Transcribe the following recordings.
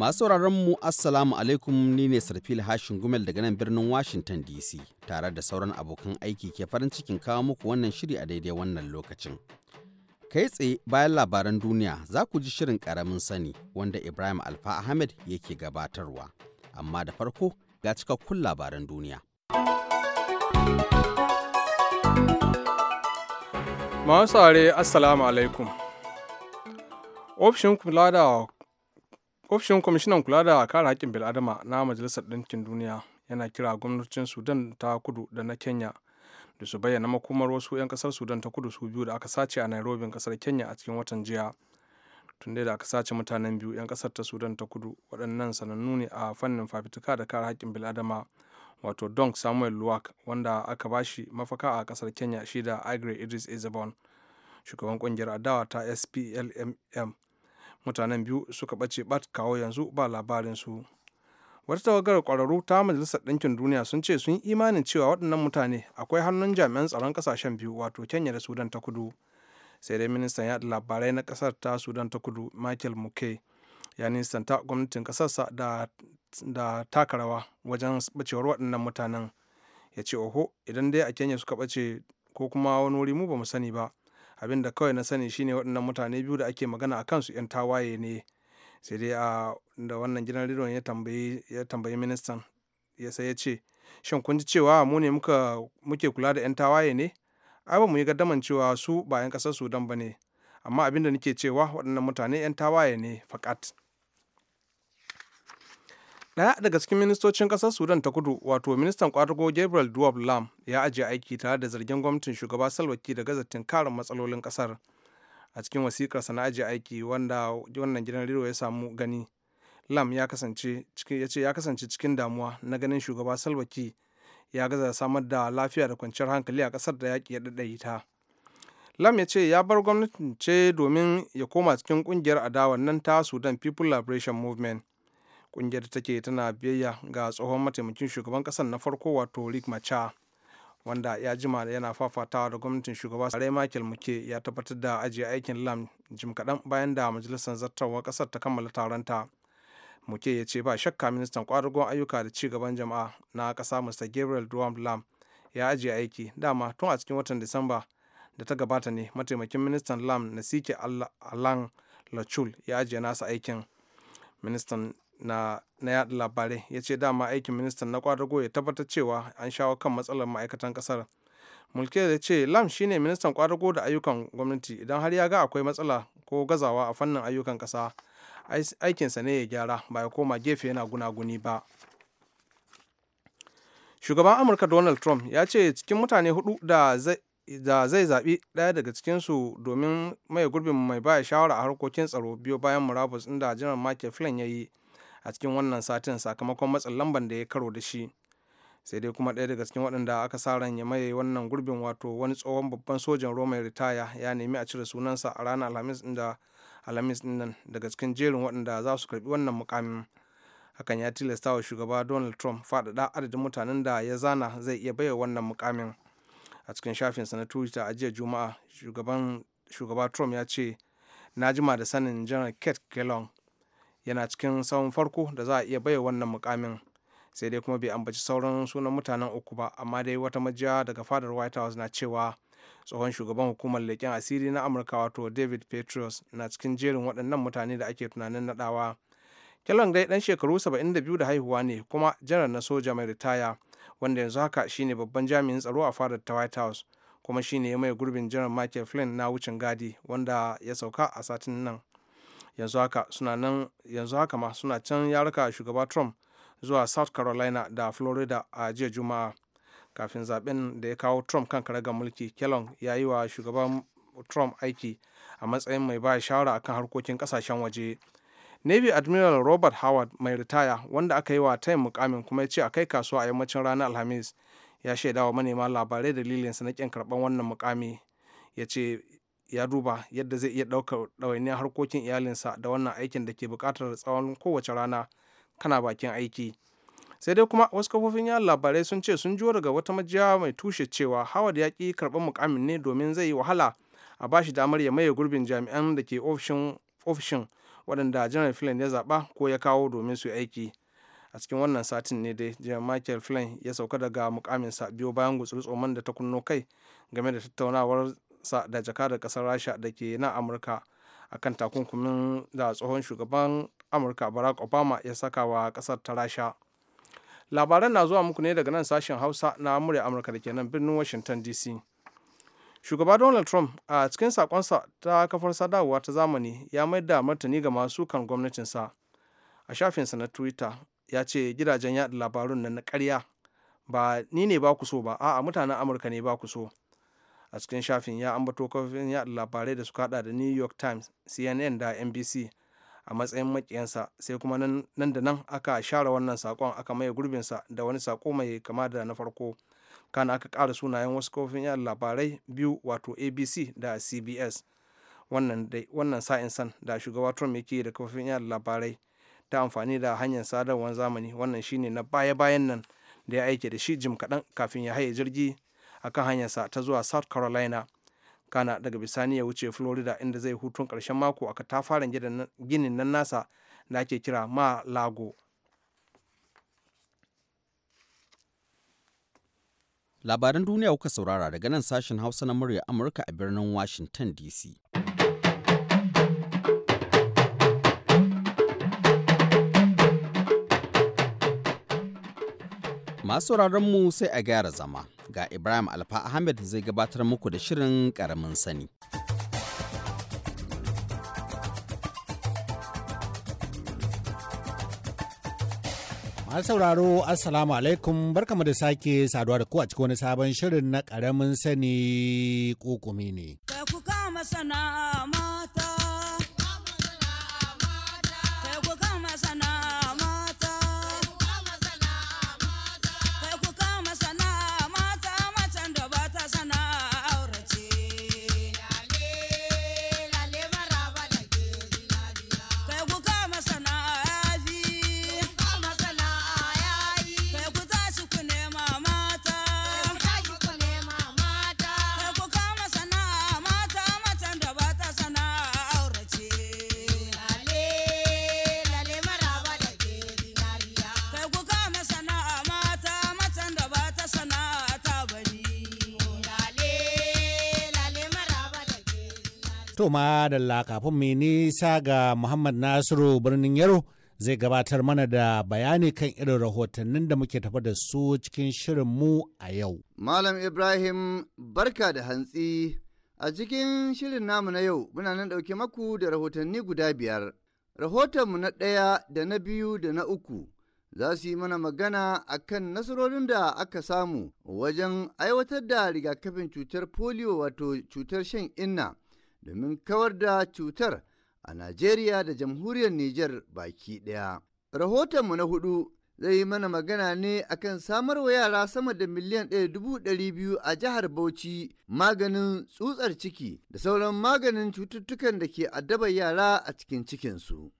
Masu mu Assalamu alaikum ni ne Sarfil Hashin Gumel daga nan birnin Washington DC tare da sauran abokan aiki ke farin cikin kawo muku wannan shiri a daidai wannan lokacin. Kai tsaye bayan labaran duniya za ku ji shirin karamin sani wanda Ibrahim Alfa Ahmed yake gabatarwa. Amma da farko ga cikakkun labaran duniya. Masu Assalamu alaikum. Ofishin kula da ofishin kwamishinan kula da kare haƙƙin bil'adama na majalisar ɗinkin duniya yana kira gwamnatocin sudan ta kudu da na kenya da su bayyana makomar wasu 'yan kasar sudan ta kudu su biyu da aka sace a nairobi kasar kenya a cikin watan jiya tun da aka sace mutanen biyu 'yan kasar ta sudan ta kudu waɗannan sanannu ne a fannin fafituka da kare haƙƙin bil'adama wato Don samuel luwak wanda aka bashi mafaka a kasar kenya shi da agri idris ezebon shugaban ƙungiyar adawa ta splmm mutanen biyu suka bace bat kawo yanzu ba labarin su wata tawagar kwararru ta majalisar ɗinkin duniya sun ce sun yi imanin cewa waɗannan mutane akwai hannun jami'an tsaron ƙasashen biyu wato kenya da sudan ta kudu sai dai ministan yaɗa labarai na ƙasar ta sudan ta kudu michael muke ya nisanta gwamnatin ƙasarsa da, da taka wajen bacewar waɗannan mutanen ya ce oho idan dai a kenya suka bace ko kuma wani wuri mu ba mu sani ba abin da kawai na sani shine waɗannan mutane biyu da ake magana a kansu 'yan tawaye ne sai dai a da wannan gidan rediyon ya tambayi ministan ya sai ya ce shin kun ji cewa mu ne muke kula da 'yan tawaye ne ai ba mu yi gaddaman cewa su ba 'yan kasar sudan ba ne amma abin da nake cewa waɗannan mutane 'yan tawaye ne fakat Daya daga cikin ministocin ƙasar Sudan ta kudu, wato ministan kwadago Gabriel Duwab Lam ya ajiye aiki tare da zargin gwamnatin shugaba salwaki da gazatin karin matsalolin ƙasar. A cikin wasikarsa na ajiye aiki wanda wannan gidan rero ya samu gani, Lam ya kasance cikin ya ce ya kasance cikin damuwa na ganin shugaba salwaki ya gaza samar da lafiya da kwanciyar hankali a kasar da yaƙi ya ta. Lam ya ce ya bar gwamnatin ce domin ya koma cikin ƙungiyar adawa nan ta Sudan People Liberation Movement. kungiyar da take tana biyayya ga tsohon mataimakin shugaban kasar na farko wato rick macha wanda ya jima yana fafatawa da gwamnatin shugaba sarai michael muke ya tabbatar da ajiye aikin lam jim kaɗan bayan da majalisar zartarwar kasar ta kammala taronta muke ya ce ba shakka ministan kwadagon ayyuka da ci gaban jama'a na kasa mr gabriel duwam lam ya ajiye aiki dama tun a cikin watan disamba da ta gabata ne mataimakin ministan lam na sike alan lachul ya ajiye nasa aikin ministan na yaɗa labarai ya ce dama aikin ministan na kwadago ya tabbatar cewa an shawo kan matsalar ma'aikatan kasar mulke ya ce lam shine ministan kwadago da ayyukan gwamnati idan har ya ga akwai matsala ko gazawa a fannin ayyukan kasa aikinsa ne ya gyara ba ya koma gefe yana gunaguni ba shugaban amurka donald trump ya ce cikin mutane hudu da da zai zaɓi ɗaya daga cikinsu domin mai gurbin mai baya shawara a harkokin tsaro biyo bayan murabus inda janar michael flynn ya yi a cikin wannan satin sakamakon matsin lamban da ya karo da shi sai dai kuma ɗaya daga cikin waɗanda aka sa ran ya maye wannan gurbin wato wani tsohon babban sojan roma ya ritaya ya nemi a cire sunansa a ranar alhamis inda alhamis nan daga cikin jerin waɗanda za su karbi wannan mukamin hakan ya tilasta wa shugaba donald trump faɗaɗa adadin mutanen da ya zana zai iya baiwa wannan mukamin a cikin shafinsa na twitter a jiya juma'a shugaba trump ya ce na jima da sanin janar kate kellogg yana cikin sahun farko da za a iya baya wannan mukamin sai dai kuma bai ambaci sauran sunan mutanen uku ba amma dai wata majiya daga fadar white house na cewa tsohon shugaban hukumar leƙen asiri na amurka wato david petrus na cikin jerin waɗannan mutane da ake tunanin naɗawa kellogg dai ɗan shekaru 72 da haihuwa ne kuma janar na soja mai ritaya wanda yanzu haka shine babban jami'in tsaro a fadar ta white house kuma shine mai gurbin janar michael flynn na wucin gadi wanda ya sauka a satin nan yanzu haka suna nan yanzu haka ma suna can yaruka shugaba trump zuwa south carolina da florida a jiya juma'a kafin zaben da ya kawo trump kan ga mulki kellogg ya yi wa shugaban trump aiki a matsayin mai ba shawara akan harkokin kasashen waje navy admiral robert howard mai ritaya wanda aka yi wa tayin mukamin kuma ya ce a kai kasuwa a yammacin ranar alhamis ya shaidawa manema labarai dalilinsa na kin karban wannan mukami ya ce ya duba yadda zai iya ɗaukar ɗawainiyar harkokin iyalinsa da wannan aikin da ke buƙatar tsawon kowace rana kana bakin aiki sai dai kuma wasu kafofin yawon labarai sun ce sun juwa daga wata majiya mai tushe cewa howard ya ƙi karɓar mukamin ne domin zai yi wahala a ba shi damar ya maye gurbin jami'an da ke ofishin waɗanda janar flynn ya zaɓa ko ya kawo domin su aiki a cikin wannan satin ne dai janar michael flynn ya sauka daga mukaminsa biyo bayan tsoman da ta kunno kai game da tattaunawar sa da jakadar kasar rasha da ke nan amurka a kan takunkumin da tsohon shugaban amurka barack obama ya saka wa kasar ta rasha labaran na zuwa muku ne daga nan sashen hausa na murya amurka da ke nan birnin washington dc shugaba donald trump a cikin sakonsa ta kafar sadarwa ta zamani ya mai da martani ga masu kan gwamnatinsa a shafinsa na twitter ya ce gidajen yada labarun na karya ba ni ne ba ku so ba a'a mutanen amurka ne ba ku so a cikin shafin ya ambato kafofin yada labarai da suka hada da new york times cnn da nbc a matsayin makiyansa sai kuma nan da nan aka share wannan sakon aka maye gurbinsa da wani sako mai kama da na farko kan aka kara sunayen wasu kafofin yada labarai biyu wato abc da cbs wannan sa'in san da shugaba trump yake da kafofin yada labarai ta amfani da hanyar sadarwar zamani wannan shine na baya-bayan nan da ya aike da shi jim kaɗan kafin ya haye jirgi akan hanyarsa ta zuwa south carolina kana daga bisani ya wuce florida inda zai hutun karshen mako a katafaren ginin nan nasa da ake kira ma lago labaran duniya kuka saurara daga nan sashen hausa na murya amurka a birnin washington dc Masu mu sai a gyara zama ga Ibrahim Alfa Ahmed zai gabatar muku da shirin karamin sani. Masu sauraro Assalamu alaikum barkamu da sake saduwa da ku a cikin wani sabon shirin na ƙaramin sani kukumi ne. sana mata sana mata. kuma da kafin mai nisa ga Muhammad Nasiru birnin Yaro zai gabatar mana da bayani kan irin rahotannin da muke tafa da su cikin shirinmu a yau. Malam Ibrahim barka da hantsi a cikin shirin namu na yau muna nan ɗauke maku da rahotanni guda biyar. Rahotonmu na ɗaya da na biyu da na uku za su yi mana magana a kan nasarorin da aka samu wajen aiwatar da rigakafin cutar polio wato cutar shan inna domin kawar da cutar a Najeriya da jamhuriyar Nijar baki ɗaya. Rahotonmu na hudu zai yi mana magana ne akan samar wa yara sama da miliyan ɗaya biyu a jihar Bauchi maganin tsutsar ciki da sauran maganin cututtukan da ke addabar yara a cikin cikinsu.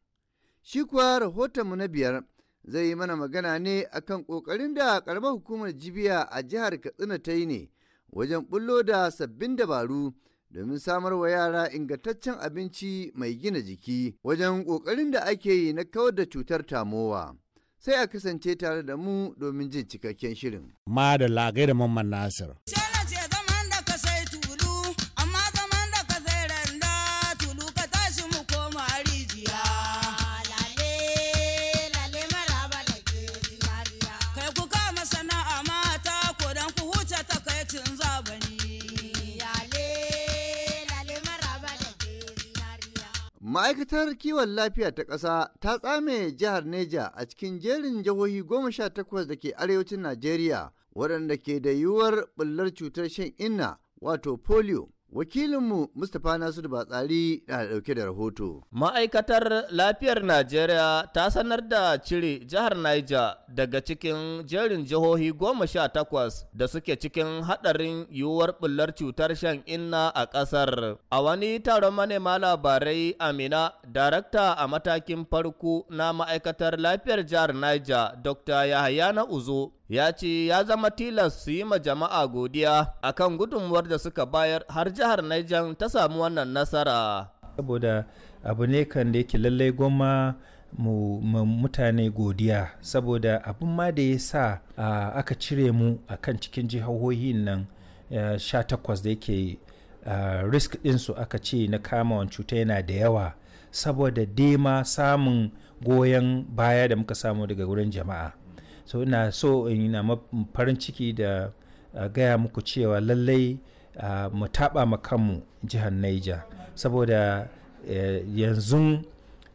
Shi kuwa rahotonmu na biyar zai yi mana magana ne akan ƙoƙarin da karamar hukumar jibiya a jihar Katsina ta yi ne wajen bullo da sabbin dabaru domin samar wa yara ingantaccen abinci mai gina jiki wajen ƙoƙarin da ake yi na kawar da cutar tamowa. Sai a kasance tare da mu domin jin cikakken shirin. Ma da lagai da Mamman Nasir. Ma'aikatar kiwon lafiya ta ƙasa ta tsame jihar Neja a cikin jerin jihohi goma sha takwas da ke arewacin Najeriya waɗanda ke da yiwuwar ɓullar cutar shan inna wato polio. Wakilinmu Mustapha Nasiru Batsari na dauke da rahoto. Ma'aikatar Lafiyar Najeriya ta sanar da cire jihar Niger daga cikin jerin jihohi goma sha takwas da suke cikin haɗarin yiwuwar bullar cutar shan inna a ƙasar. A wani taron manema labarai Amina, darakta a matakin farko na ma'aikatar Lafiyar jihar Niger, Dr. Yahaya na Uzo, ya ce ya zama tilas su yi ma jama'a godiya akan gudunmuwar da suka bayar har jihar Niger ta samu wannan nasara. Saboda abu ne kan da yake lallai goma mu, mutane godiya saboda abin ma da ya sa aka cire mu a kan cikin jihohohin nan sha takwas da yake risk ɗinsu aka ce na kama cuta yana da yawa saboda dema samun goyon baya da muka samu daga wurin jama'a so ina so ina farin ciki da ah, gaya muku cewa lallai ah, mu taɓa ma kanmu jihar Niger saboda eh, yanzu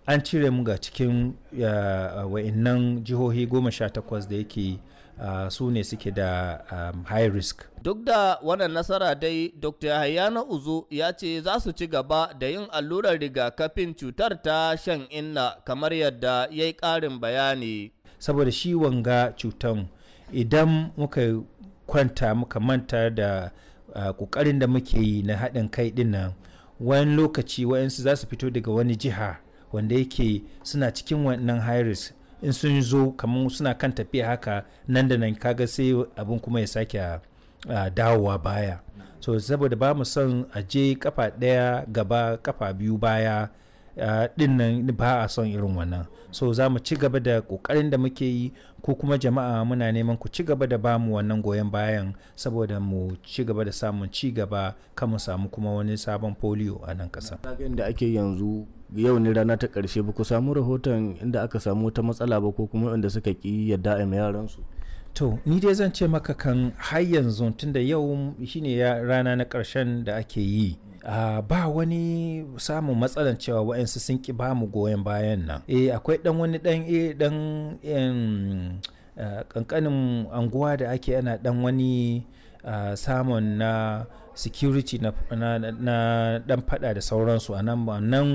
an cire mu ga cikin ah, wa'innan jihohi goma sha takwas da yake su ne suke da um, high risk. Duk da wannan nasara dai Dr. Hayana Uzo ya ce za su ci gaba da yin allurar rigakafin cutar ta shan inna kamar yadda ya yi karin bayani. saboda shi wanga cutan idan muka kwanta muka manta da kokarin da muke yi na haɗin kai ɗin nan wani lokaci wa'yansu za su fito daga wani jiha wanda yake suna cikin wannan high in sun zo kamar suna kan tafiya haka nan da nan kaga sai abin kuma ya sake dawowa baya so saboda ba mu son a je kafa ɗaya gaba kafa biyu baya din nan ba a son irin wannan so za mu ci gaba da kokarin da muke yi ko kuma jama'a muna neman ku ci gaba da bamu wannan goyon bayan saboda mu ci gaba da samun ci gaba kan mu samu kuma wani sabon polio a nan kasa da ake yanzu yau ne rana ta karshe ba ku samu rahoton inda aka samu wata matsala ba ko kuma inda suka ki yadda a yaran su to ni dai zan ce maka kan har yanzu tunda yau shine rana na karshen da ake yi uh, ba wani samun matsalan cewa waɗansu sun ki ba mu goyon bayan nan e akwai dan wani dan e eh, dan kankanin ah, anguwa da ake ana dan wani ah, samun na security na, na, na dan fada da sauransu a nan nan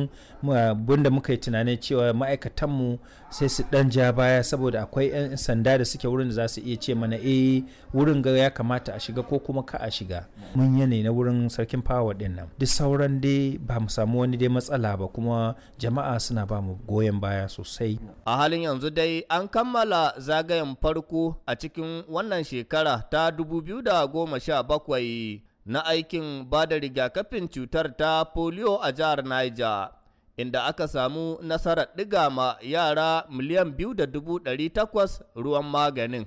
bunda muka yi tunanin cewa ma'aikatanmu sai su dan ja baya saboda akwai 'yan sanda da suke wurin da za su iya ce mana eh wurin ga ya kamata a shiga ko kuma ka a shiga mun yane na wurin sarkin power din nan duk sauran dai ba mu samu wani dai matsala ba kuma jama'a suna ba mu goyon baya sosai a halin yanzu dai an kammala zagayen farko a cikin wannan shekara ta 2017 na aikin ba da rigakafin cutar ta polio a jihar Niger, inda aka samu nasarar ɗiga ma yara miliyan biyu da dubu ɗari takwas ruwan maganin.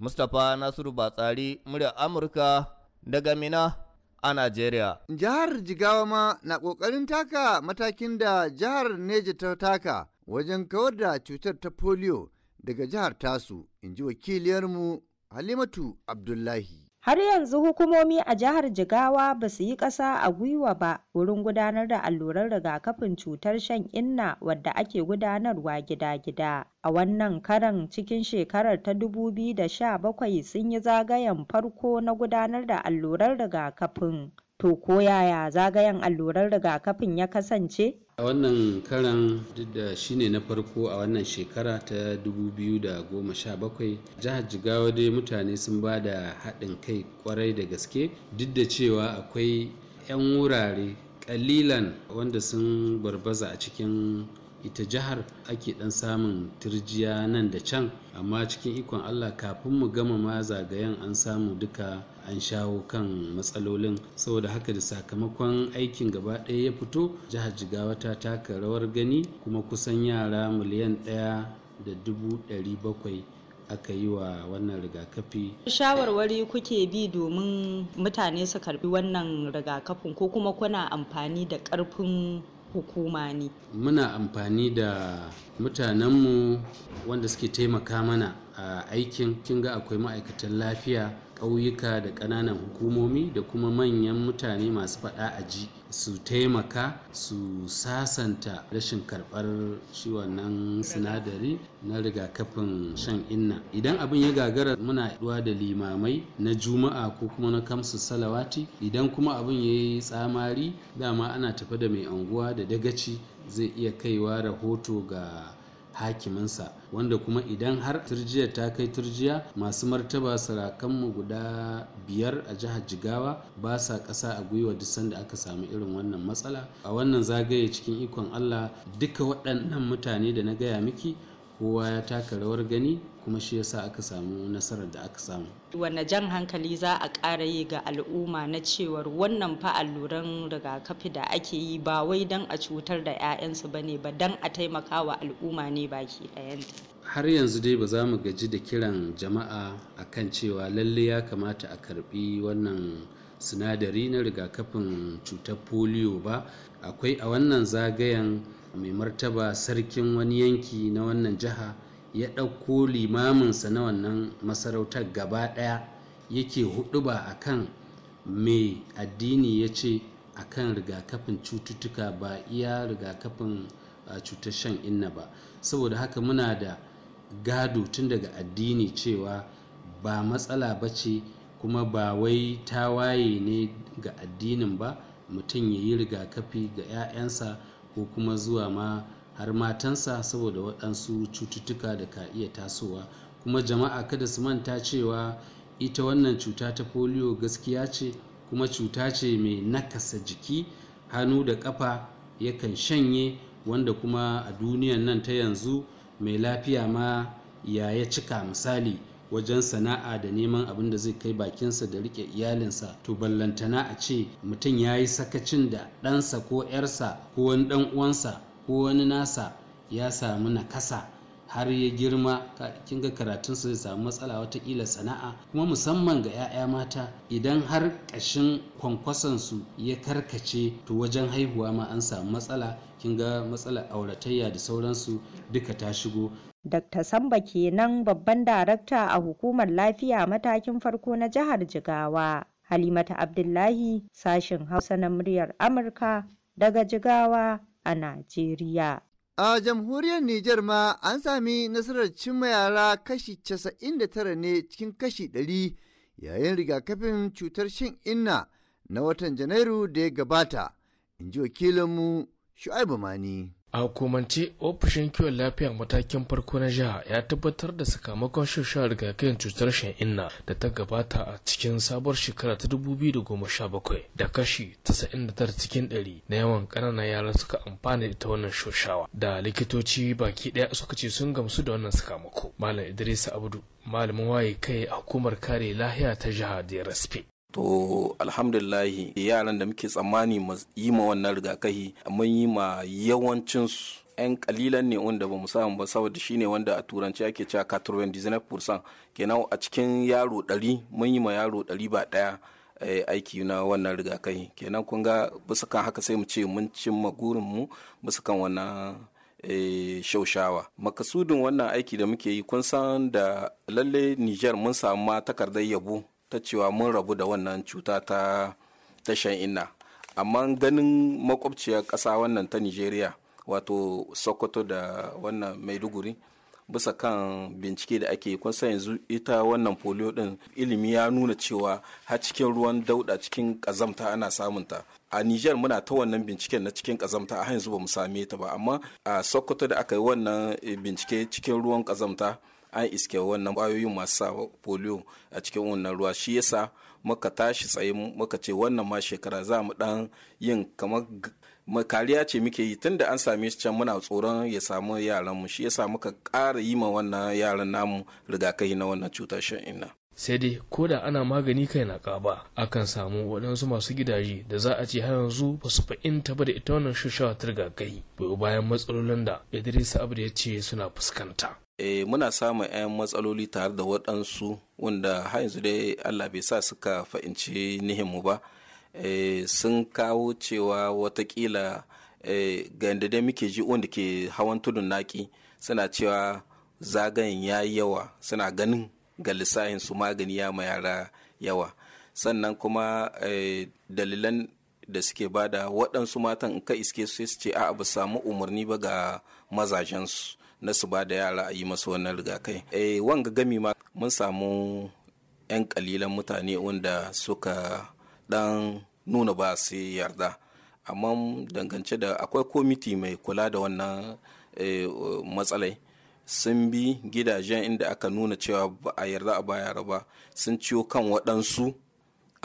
Mustapha Nasiru Batsari, murya Amurka daga Mina a Najeriya. Jihar Jigawa ma na ƙoƙarin taka matakin da jihar Neja ta taka wajen kawar da cutar ta polio daga jihar tasu, in ji wakiliyarmu Halimatu Abdullahi. Har yanzu hukumomi a jihar Jigawa ba su yi ƙasa a gwiwa ba wurin gudanar da alluran rigakafin cutar shan inna wadda ake gudanarwa gida-gida. A wannan karan cikin shekarar ta 2017 sun yi zagayen farko na gudanar da alluran rigakafin. To ko yaya zagayen alluran rigakafin ya kasance? a wannan karan duk da ne na farko a wannan shekara ta 2017 jihar jigawa dai mutane sun ba da haɗin kai kwarai da gaske duk da cewa akwai 'yan wurare ƙalilan wanda sun barbaza a cikin ita jihar ake dan samun turjiya nan da can amma cikin ikon allah kafin mu gama ma zagayen an samu duka an shawo kan matsalolin saboda haka da sakamakon aikin gaba ɗaya ya fito jihar jigawa ta taka rawar gani kuma kusan yara miliyan ɗaya da dubu ɗari bakwai aka yi wa wannan rigakafi shawarwari kuke bi domin mutane su karbi wannan rigakafin ko kuma kuna amfani da ƙarfin hukuma ne muna amfani da mutanenmu wanda suke taimaka mana a aikin kin ga akwai ma'aikatan lafiya ƙauyuka da ƙananan hukumomi da kuma manyan mutane masu faɗa a ji su taimaka su sasanta rashin karɓar shi wannan sinadari na rigakafin shan inna idan abin ya gagara muna haɗuwa da limamai na juma'a ko kuma na kamsu salawati idan kuma abin ya yi tsamari dama ana tafi da mai anguwa da dagaci zai iya kaiwa rahoto ga hakiminsa wanda kuma idan har turjiya ta kai turjiya masu martaba sarakanmu guda biyar a jihar jigawa ba sa ƙasa a gwiwa duk sanda aka samu irin wannan matsala a wannan zagaye cikin ikon allah duka waɗannan mutane da na gaya miki kowa ya taka rawar gani kuma shi yasa aka samu nasarar da aka samu wanne jan hankali za a ƙara yi ga al'umma na cewar wannan fa alluran rigakafi da ake yi ba wai don a cutar da 'ya'yansu ba ne ba don a taimaka wa al'umma ne baki ɗayanta har yanzu dai ba za mu gaji da kiran jama'a a kan cewa lalle ya kamata a karbi wannan sinadari na rigakafin cutar polio ba akwai a wannan zagayen mai martaba sarkin wani yanki na wannan jiha ya ɗauko limaminsa na wannan masarautar gaba ɗaya yake huduba a kan mai addini ya ce a kan rigakafin cututtuka ba iya rigakafin cutar shan inna ba saboda haka muna da gado tun daga addini cewa ba matsala ba ce kuma ba wai tawaye ne ga addinin ba mutum ya yi rigakafi ga 'ya'yansa ko kuma zuwa ma har matansa saboda waɗansu cututtuka da ka iya tasowa kuma jama'a kada su manta cewa ita wannan cuta ta polio gaskiya ce kuma cuta ce mai nakasa jiki hannu da ƙafa yakan shanye wanda kuma a duniyan nan ta yanzu mai lafiya ma ya ya cika misali wajen sana'a da neman abin da zai kai bakinsa da rike iyalinsa to ballantana a ce mutum ya yi sakacin da ɗansa ko 'yarsa ko wani ɗan uwansa ko wani nasa ya samu nakasa har ya girma kin ga karatun su zai samu matsala watakila sana'a kuma musamman ga 'ya'ya mata idan har ƙashin kwankwason su ya karkace to wajen haihuwa ma an samu matsala kin ga matsalar auratayya da sauransu duka ta shigo Dr. Samba kenan babban darakta a hukumar lafiya matakin farko na jihar Jigawa. Halimata Abdullahi sashen Hausa na muryar Amurka daga Jigawa a Najeriya. A jamhuriyar Nijar ma an sami nasarar cimma yara kashi 99 ne cikin kashi 100 yayin rigakafin cutar shin inna na watan Janairu da ya gabata, in ji wakilinmu Shu'aibu Mani. a hukumance ofishin kiwon lafiya matakin farko na jiha ya tabbatar da sakamakon shan rigakafin cutar shan inna da ta gabata a cikin sabuwar shekara ta 2017 da kashi 99 cikin 100 na yawan kananan yara suka amfana da ita wannan shoshawa da likitoci baki ɗaya suka ce sun gamsu da wannan sakamako malam idris abdu malamin waye kai a hukumar kare lahiya ta jiha da To alhamdulillahi yaran da muke tsammani yi ma wannan rigakahi mun yi ma yawancinsu 'yan kalilan ne wanda ba samu ba saboda shine wanda a turanci ake cewa 99% kenan a cikin yaro 100 mun yi ma yaro 100 ba daya eh, aiki na wannan rigakafi kenan kun ga bisa kan haka sai mu ce mun cimma mu bisa kan wannan eh, shaushawa makasudin wannan aiki da muke yi kun san da lalle Nijar mun samu ma takardar yabo ta cewa mun rabu da wannan cuta ta tashan inna amma ganin makwabciyar ƙasa wannan ta nigeria wato sokoto da wannan maiduguri bisa kan bincike da ake kun san yanzu ita wannan polio din ilimi ya nuna cewa har cikin ruwan dauda cikin kazamta ana samunta a niger muna ta wannan binciken na cikin kazamta a yanzu ba mu same ta ba amma a sokoto da aka yi wannan eh, bincike cikin ruwan kazamta an iske wannan ƙwayoyin masu sa polio a cikin wannan ruwa shi yasa muka tashi tsaye muka ce wannan ma shekara za mu dan yin kamar kariya ce muke yi tunda an same shi can muna tsoron ya samu yaran mu shi yasa muka ƙara yi ma wannan yaran namu rigakafi na wannan cutar shan inna sai dai ko da ana magani kai na ƙaba akan samu waɗansu masu gidaje da za a ce har yanzu ba su fa'inta ba da ita wannan shushawa ta rigakafi bayan matsalolin da idris abu ya ce suna fuskanta e, muna samun 'yan matsaloli tare da waɗansu wanda har yanzu dai allah bai sa suka fahimci nihinmu ba e, sun kawo cewa watakila e, eh, ga yadda dai muke ji wanda ke hawan tudun naki suna cewa zagayen ya yi yawa suna ganin ga lissahin su magani ya ma yara yawa sannan kuma e, dalilan da suke bada waɗansu matan in ka iske su ce a ba samu umarni ba ga mazajensu na su ba da yara a yi masu wannan rigakai eh wanga gami ma mun samu yan kalilan mutane wanda suka dan nuna ba su yarda amma dangance da akwai komiti mai kula da wannan eh, matsalai sun bi gidajen inda aka nuna cewa ba a yarda a ba yara ba sun ciwo kan waɗansu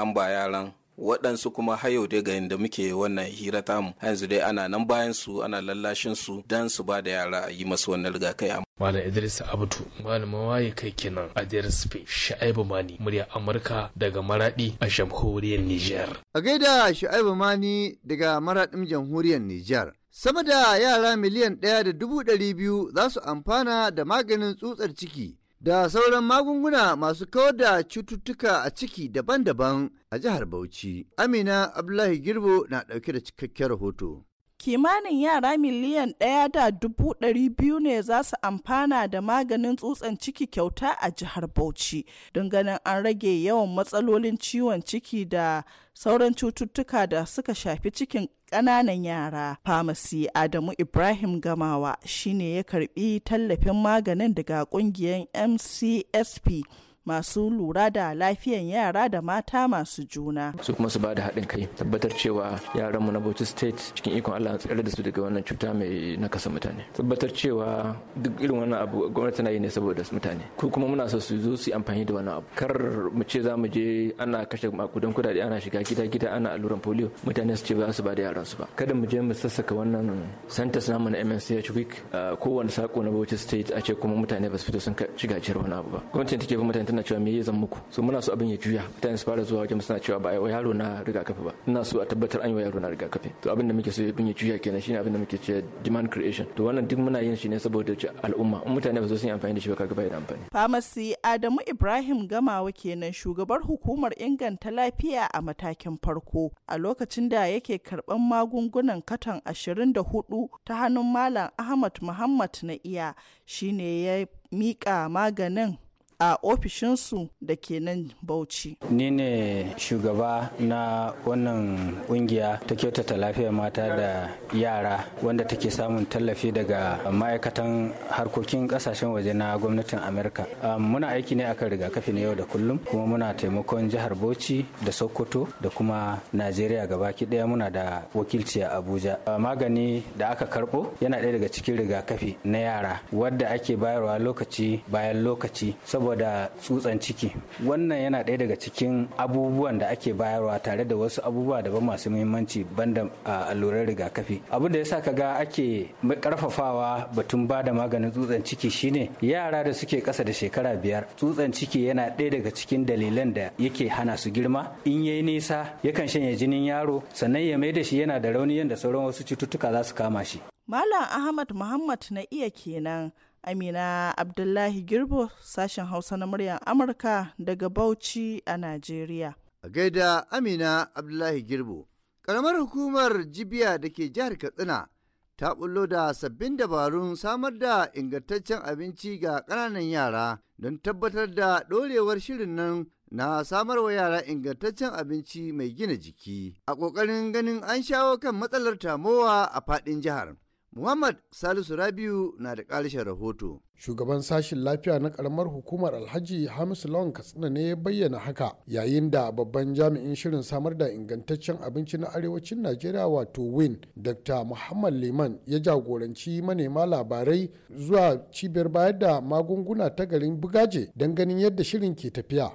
an ba yaran waɗansu kuma har yau dai ga yadda muke wannan hira tamu yanzu dai ana nan bayan su ana lallashin su dan su ba da yara a yi masu wannan rigakai Malam Idris Abdu malama waye kai kenan a Diyar Spain Sha'ibu Mani murya Amurka daga Maradi a jamhuriyar Niger. A gaida Sha'ibu Mani daga Maradin jamhuriyar nijar Sama da yara miliyan ɗaya da dubu ɗari biyu za su amfana da maganin tsutsar ciki da sauran magunguna masu kawar da cututtuka a ciki daban-daban a jihar Bauchi. Amina Abdullahi Girbo na ɗauke da cikakken rahoto. Kimanin yara miliyan ɗaya da dubu ɗari biyu ne za su amfana da maganin tsutsan ciki kyauta a jihar Bauchi, don an rage yawan matsalolin ciwon ciki da sauran cututtuka da suka shafi cikin ƙananan yara famasi adamu ibrahim gamawa shine ya karbi tallafin maganin daga ƙungiyar mcsp masu lura da lafiyan yara da mata masu juna. Su kuma su ba da haɗin kai tabbatar cewa yaranmu na Bauchi State cikin ikon Allah tsayar da su daga wannan cuta mai nakasa mutane. Tabbatar cewa duk irin wannan abu gwamnati na yi ne saboda mutane. Ko kuma muna so su zo su amfani da wannan abu. Kar mu ce za mu je ana kashe makudan kudade ana shiga gida gida ana alluran polio mutane su ce ba su ba da yaran su ba. Kada mu je mu sassaka wannan centers namu na MNCH week kowane sako na Bauchi State a ce kuma mutane ba su fito sun shiga cikin wani abu ba. Gwamnati take ba mutane tana cewa me zan muku so muna so abin ya juya mutane su fara zuwa wajen suna cewa ba a yaro na rigakafi ba ina so a tabbatar an yi wa yaro na rigakafi to abin da muke so abin ya juya kenan shine abin da muke cewa demand creation to wannan duk muna yin shi ne saboda al'umma in mutane ba su sun amfani da shi ba kaga bai da amfani pharmacy Adamu Ibrahim Gamawa kenan shugabar hukumar inganta lafiya a matakin farko a lokacin da yake karban magungunan katon 24 ta hannun Malam Ahmad Muhammad na iya shine ya mika maganin a ofishinsu da ke nan Bauchi. Ni ne shugaba na wannan kungiya ta kyautata lafiyar mata da yara wanda take samun tallafi daga ma'aikatan harkokin kasashen waje na gwamnatin Amurka. Muna aiki ne akan rigakafi na yau da kullum kuma muna taimakon jihar Bauchi da Sokoto da kuma Najeriya gabaki daya muna da wakilci a Abuja. Magani da aka karbo yana daya daga cikin rigakafi na yara wadda ake bayarwa lokaci bayan lokaci saboda tsutsan ciki wannan yana ɗaya daga cikin abubuwan da ake bayarwa tare da wasu abubuwa daban masu muhimmanci banda a allurar rigakafi abu da yasa kaga ake karfafawa batun ba da maganin tsutsan ciki shine yara da suke ƙasa da shekara biyar tsutsan ciki yana ɗaya daga cikin dalilan da yake hana su girma in yayi nisa yakan shanye jinin yaro sannan ya mai da shi yana da rauni yadda sauran wasu cututtuka za su kama shi malam ahmad muhammad na iya kenan Amina Abdullahi Girbo sashen Hausa na muryar Amurka daga Bauchi a Najeriya. A gaida Amina Abdullahi Girbo, ƙaramar hukumar Jibiya da ke jihar Katsina ta bullo da sabbin dabarun samar da ingantaccen abinci ga ƙananan yara don tabbatar da ɗorewar shirin nan na samar wa yara ingantaccen abinci mai gina jiki a ƙoƙarin ganin an shawo kan matsalar tamowa a faɗin jihar. Muhammad Salisu Rabiu na da ƙarshen rahoto. Shugaban sashen lafiya na ƙaramar hukumar Alhaji Hamisu Lawan Katsina ne ya bayyana haka yayin da babban jami'in shirin samar da ingantaccen abinci na arewacin Najeriya wato WIN Dr. Muhammad Liman ya jagoranci manema labarai zuwa cibiyar bayar da magunguna ta garin Bugaje don ganin yadda shirin ke tafiya.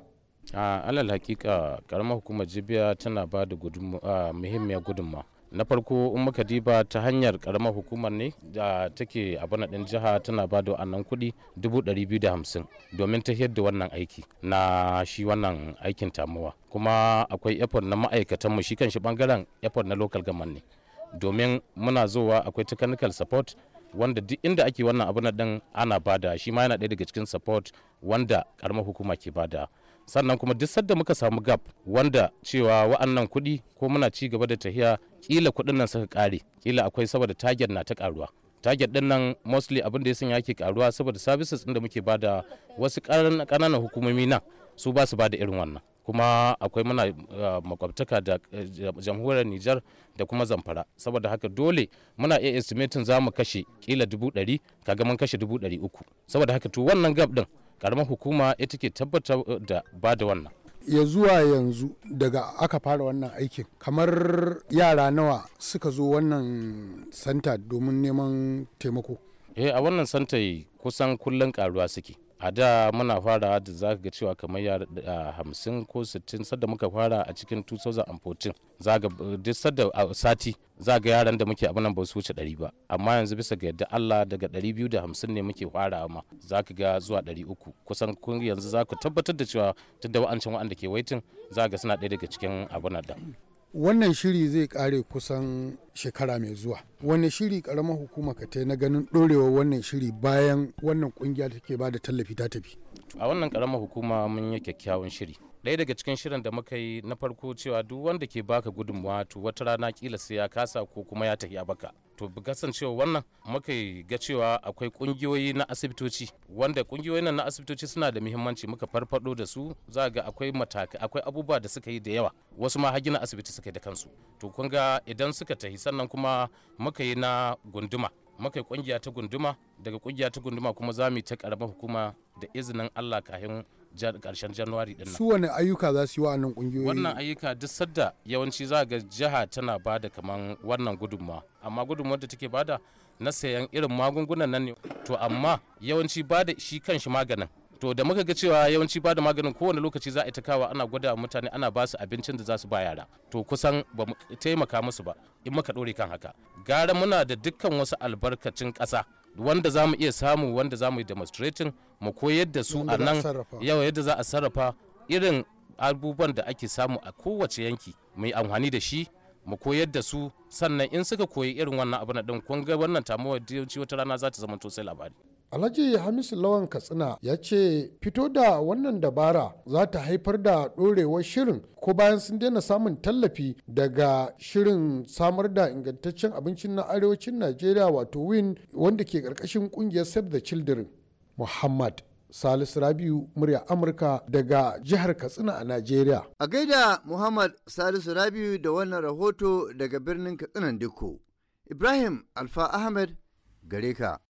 a alal hakika karamar hukumar jibiya tana ba da muhimmiyar gudunmawa na farko in muka diba ta hanyar karamar hukumar ne da take bana din jiha tana ba da wannan kuɗi 250 domin ta da wannan aiki na shi wannan aikin tamuwa kuma akwai effort na ma'aikatanmu shi kan shi bangaren effort na local government ne domin muna zowa akwai technical support wanda duk inda ake wannan na din ana bada shi ma yana ɗaya daga cikin support wanda karamar hukuma ke bada sannan kuma duk sadda muka samu gap wanda cewa wa'annan kuɗi ko muna ci gaba da tahiya kila kuɗin nan suka kare kila akwai saboda target na ta karuwa target din nan mostly abin da ya sanya yake karuwa saboda services ɗin da muke bada wasu kananan hukumomi na su ba su bada irin wannan kuma akwai muna eh, makwabtaka da eh, jamhuriyar Nijar da kuma Zamfara saboda haka dole muna iya estimatin za mu kashe kila dubu ɗari kaga mun kashe dubu ɗari uku saboda haka to wannan gab din karamar hukuma ita ke tabbatar da ba da wannan ya zuwa yanzu daga aka fara wannan aikin kamar yara nawa suka zo wannan santa domin neman taimako eh a wannan santa kusan kullum karuwa suke a da muna fara da za ga cewa kamar da hamsin ko sittin sadda muka fara a cikin 2014 za ga duk sadda a sati za ga yaran da muke abunan ba su wuce ɗari ba amma yanzu bisa ga yadda Allah daga ɗari biyu da hamsin ne muke fara ma za ka ga zuwa ɗari uku kusan kun yanzu za ku tabbatar da cewa tun da wa'ancan wa'anda ke waitin za ga suna daya daga cikin abunan da. wannan shiri zai kare kusan shekara mai zuwa wani shiri karamar hukuma ka na ganin dorewa wannan shiri bayan wannan kungiya take ba da tallafi ta tafi a wannan karamar hukuma mun yi kyakkyawan shiri ɗaya daga cikin shirin da muka yi na farko cewa duk wanda ke baka gudunmawa to wata rana kila sai ya kasa ko kuma ya tafi a baka to kasancewa wannan muka ga cewa akwai kungiyoyi na asibitoci wanda kungiyoyin nan na asibitoci suna da muhimmanci muka farfado da su za ga akwai mataka akwai abubuwa da suka yi da yawa wasu ma hagina asibiti suka yi da kansu to kun ga idan suka tafi sannan kuma muka yi na gunduma muka yi kungiya ta gunduma daga kungiya ta gunduma kuma za mu yi ta karamar hukuma da izinin Allah kafin karshen januwari din su wani ayyuka za su yi wa'annan kungiyoyi wannan ayyuka duk sadda yawanci za ga jiha tana bada kaman wannan gudunma amma gudunma da take bada na sayan irin magungunan nan ne to amma yawanci bada shi kanshi maganin to da muka ga cewa yawanci bada maganin kowane lokaci za a ita kawa ana gwada mutane ana ba su abincin da za su ba yara to kusan ba taimaka musu ba in muka dore kan haka gara muna da dukkan wasu albarkacin ƙasa wanda za mu iya samu wanda za mu yi demonstrating mu koyar da su a nan yawa yadda za a sarrafa irin abubuwan da ake samu a kowace yanki mu yi amfani da shi mu koyar da su sannan in suka koyi irin wannan abu na din kun ga wannan tamuwa wata rana za ta zama to sai labari Alhaji Hamisu Lawan Katsina ya ce fito da wannan dabara za ta haifar da ɗorewar shirin ko bayan sun daina samun tallafi daga shirin samar da ingantaccen abincin na arewacin Najeriya wato WIN wanda ke ƙarƙashin ƙungiyar Save the Children. Muhammad Salisu Rabiu murya Amurka daga jihar Katsina a Najeriya. A gaida Muhammad Salisu Rabiu da wannan rahoto daga birnin Katsinan Dikko. Ibrahim Alfa Ahmed gare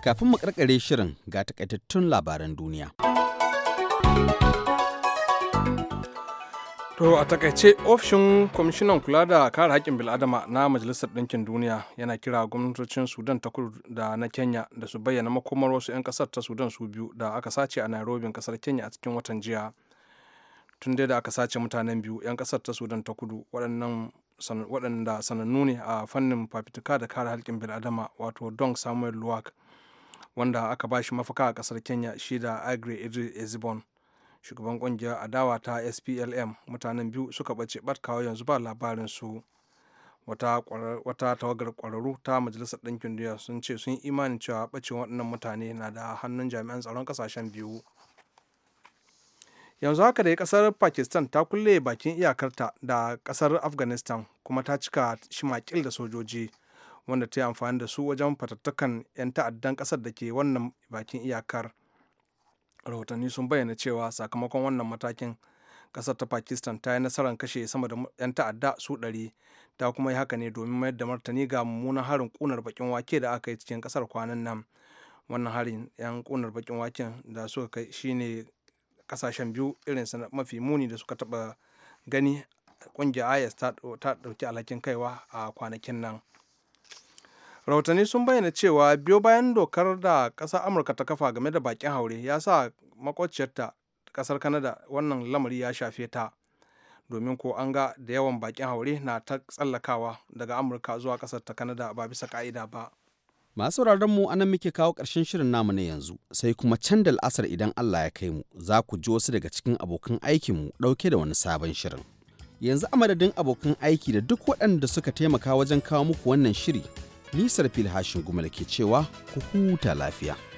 Kafin mu karkare shirin ga takaitattun labaran duniya. To a takaice ofishin kwamishinan kula da kare haƙƙin bil'adama na Majalisar Ɗinkin Duniya yana kira gwamnatocin Sudan ta kudu da na Kenya da su bayyana makomar wasu 'yan ƙasar ta Sudan su biyu da aka sace a Nairobi ƙasar Kenya a cikin watan jiya. Tun dai da aka sace mutanen biyu 'yan ƙasar ta Sudan ta kudu waɗanda sanannu ne a fannin fafitika da kare haƙƙin bil'adama wato Dong Samuel Luwak wanda aka ba shi mafaka a kasar kenya shi da agri idris ezibon shugaban kungiyar adawa ta splm mutanen biyu suka bace barkawa yanzu ba labarin su wata tawagar kwararru ta majalisar ɗinkin duniya sun ce sun yi imanin cewa bacin waɗannan mutane na da hannun jami'an tsaron ƙasashen biyu yanzu haka dai ƙasar pakistan ta kulle bakin iyakarta da ƙasar afghanistan kuma ta cika shimakil da sojoji wanda ta yi amfani da su wajen fatattakan 'yan ta'addan kasar da ke wannan bakin iyakar rahotanni sun bayyana cewa sakamakon wannan matakin ƙasar ta pakistan ta yi nasarar kashe sama da 'yan ta'adda su ɗari ta kuma yi haka ne domin mayar da martani ga mummunan harin ƙunar bakin wake da aka yi cikin kasar kwanan nan wannan harin 'yan kunar bakin wake da suka kai shine kasashen biyu irinsa mafi muni da suka taɓa gani ƙungiyar is ta ɗauki alhakin kaiwa a kwanakin nan rahotanni sun bayyana cewa biyo bayan dokar da ƙasar amurka ta kafa game da bakin haure ya sa makwabciyarta ƙasar kanada wannan lamari ya shafe ta domin ko an ga da yawan bakin haure na ta tsallakawa daga amurka zuwa ƙasar ta kanada ba bisa ka'ida ba masu mu anan muke kawo ƙarshen shirin namu na yanzu sai kuma can da al'asar idan allah ya kai mu za ku ji wasu daga cikin abokan aikin mu ɗauke da wani sabon shirin yanzu a madadin abokan aiki da duk waɗanda suka taimaka wajen kawo muku wannan shiri Nisar filhashin gumal ke cewa ku huta lafiya.